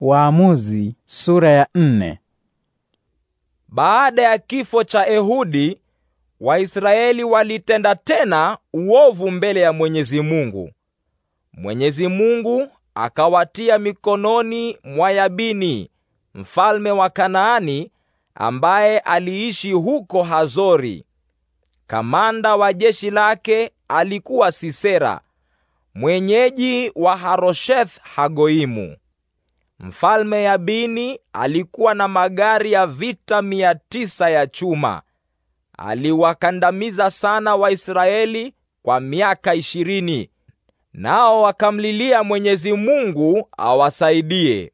Waamuzi sura ya nne. Baada ya kifo cha Ehudi, Waisraeli walitenda tena uovu mbele ya Mwenyezi Mungu. Mwenyezi Mungu akawatia mikononi mwa Yabini, mfalme wa Kanaani ambaye aliishi huko Hazori. Kamanda wa jeshi lake alikuwa Sisera, mwenyeji wa Harosheth Hagoimu. Mfalme Yabini alikuwa na magari ya vita mia tisa ya chuma. Aliwakandamiza sana Waisraeli kwa miaka ishirini, nao wakamlilia Mwenyezi Mungu awasaidie.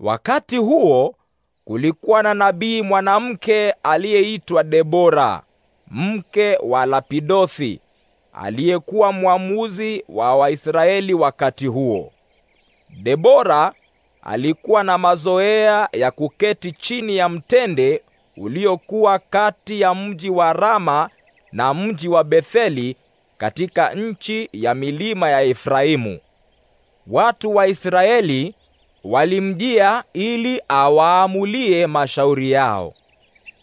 Wakati huo kulikuwa na nabii mwanamke aliyeitwa Debora, mke wa Lapidothi, aliyekuwa mwamuzi wa Waisraeli wakati huo. Debora alikuwa na mazoea ya kuketi chini ya mtende uliokuwa kati ya mji wa Rama na mji wa Betheli katika nchi ya milima ya Efraimu. Watu wa Israeli walimjia ili awaamulie mashauri yao.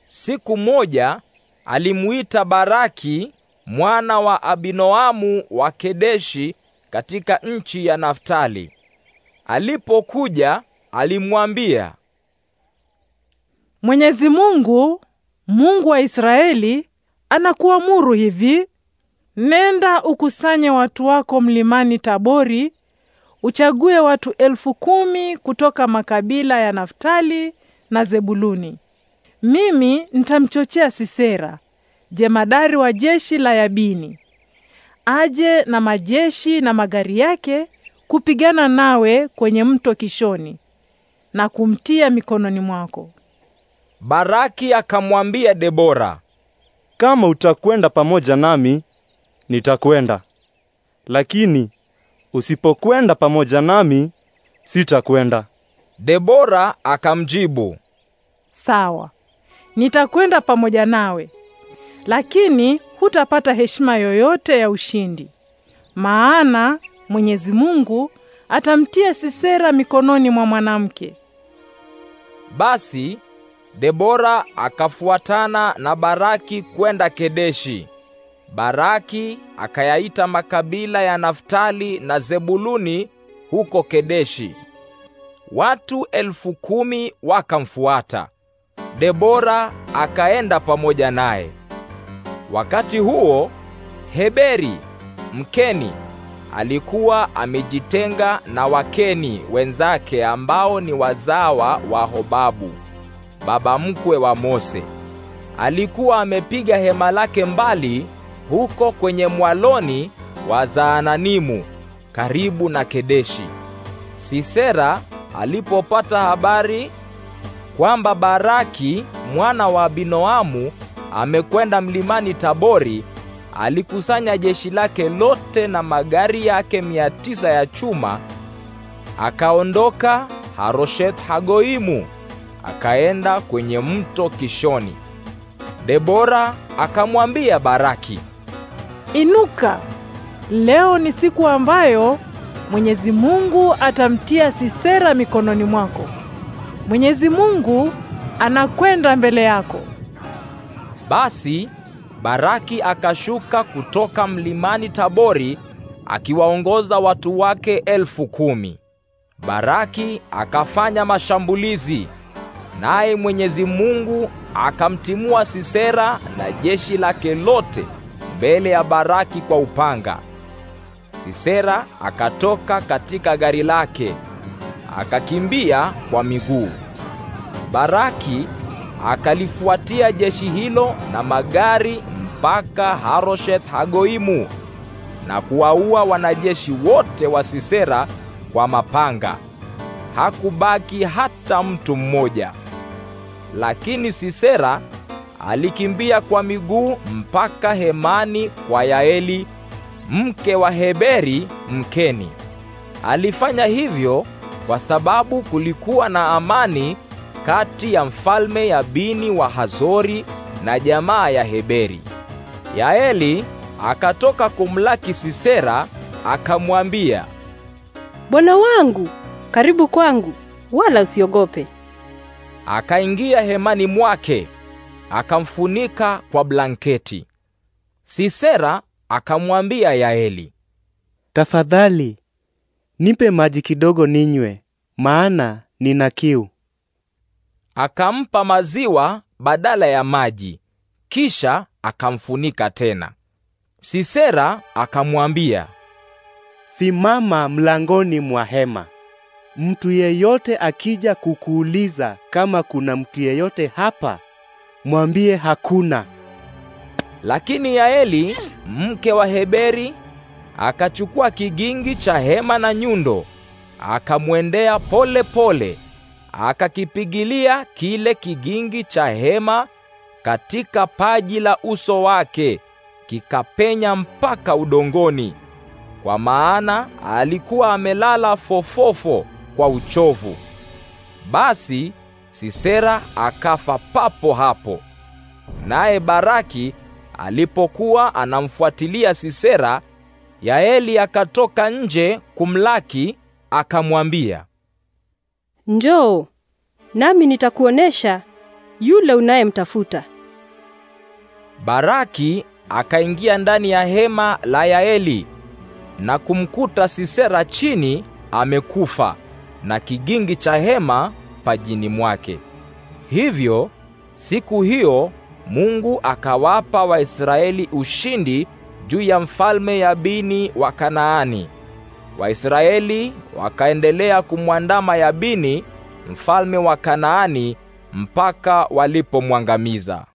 Siku moja alimuita Baraki mwana wa Abinoamu wa Kedeshi katika nchi ya Naftali. Alipokuja alimwambia, Mwenyezi Mungu, Mungu wa Israeli, anakuamuru hivi: nenda ukusanye watu wako mlimani Tabori, uchague watu elfu kumi kutoka makabila ya Naftali na Zebuluni. Mimi nitamchochea Sisera, jemadari wa jeshi la Yabini, aje na majeshi na magari yake kupigana nawe kwenye mto Kishoni na kumtia mikononi mwako. Baraki akamwambia Debora, kama utakwenda pamoja nami nitakwenda, lakini usipokwenda pamoja nami sitakwenda. Debora akamjibu, sawa, nitakwenda pamoja nawe, lakini hutapata heshima yoyote ya ushindi, maana Mwenyezi Mungu atamtia Sisera mikononi mwa mwanamke. Basi Debora akafuatana na Baraki kwenda Kedeshi. Baraki akayaita makabila ya Naftali na Zebuluni huko Kedeshi. Watu elfu kumi wakamfuata. Debora akaenda pamoja naye. Wakati huo Heberi Mkeni alikuwa amejitenga na Wakeni wenzake ambao ni wazawa wa Hobabu, baba mkwe wa Mose. Alikuwa amepiga hema lake mbali huko kwenye mwaloni wa Zaananimu karibu na Kedeshi. Sisera alipopata habari kwamba Baraki mwana wa binoamu amekwenda mlimani Tabori alikusanya jeshi lake lote na magari yake mia tisa ya chuma, akaondoka Haroshet Hagoimu akaenda kwenye mto Kishoni. Debora akamwambia Baraki, inuka, leo ni siku ambayo Mwenyezi Mungu atamtia Sisera mikononi mwako. Mwenyezi Mungu anakwenda mbele yako. Basi Baraki akashuka kutoka mlimani Tabori akiwaongoza watu wake elfu kumi. Baraki akafanya mashambulizi, naye Mwenyezi Mungu akamtimua Sisera na jeshi lake lote mbele ya Baraki kwa upanga. Sisera akatoka katika gari lake akakimbia kwa miguu. Baraki akalifuatia jeshi hilo na magari mpaka Harosheth Hagoimu na kuwaua wanajeshi wote wa Sisera kwa mapanga. Hakubaki hata mtu mmoja. Lakini Sisera alikimbia kwa miguu mpaka hemani kwa Yaeli mke wa Heberi Mkeni. Alifanya hivyo kwa sababu kulikuwa na amani kati ya mfalme ya bini wa Hazori na jamaa ya Heberi. Yaeli akatoka kumlaki Sisera, akamwambia, Bwana wangu, karibu kwangu, wala usiogope. Akaingia hemani mwake, akamfunika kwa blanketi. Sisera akamwambia Yaeli, tafadhali nipe maji kidogo ninywe, maana nina kiu akampa maziwa badala ya maji, kisha akamfunika tena. Sisera akamwambia, simama mlangoni mwa hema. Mtu yeyote akija kukuuliza kama kuna mtu yeyote hapa, mwambie hakuna. Lakini Yaeli mke wa Heberi akachukua kigingi cha hema na nyundo, akamwendea pole pole akakipigilia kile kigingi cha hema katika paji la uso wake, kikapenya mpaka udongoni, kwa maana alikuwa amelala fofofo kwa uchovu. Basi Sisera akafa papo hapo. Naye Baraki alipokuwa anamfuatilia Sisera, Yaeli akatoka nje kumlaki, akamwambia Njoo, nami nitakuonesha yule unayemtafuta. Baraki akaingia ndani ya hema la Yaeli na kumkuta Sisera chini amekufa na kigingi cha hema pajini mwake. Hivyo siku hiyo Mungu akawapa Waisraeli ushindi juu ya mfalme Yabini wa Kanaani. Waisraeli wakaendelea kumwandama Yabini mfalme wa Kanaani mpaka walipomwangamiza.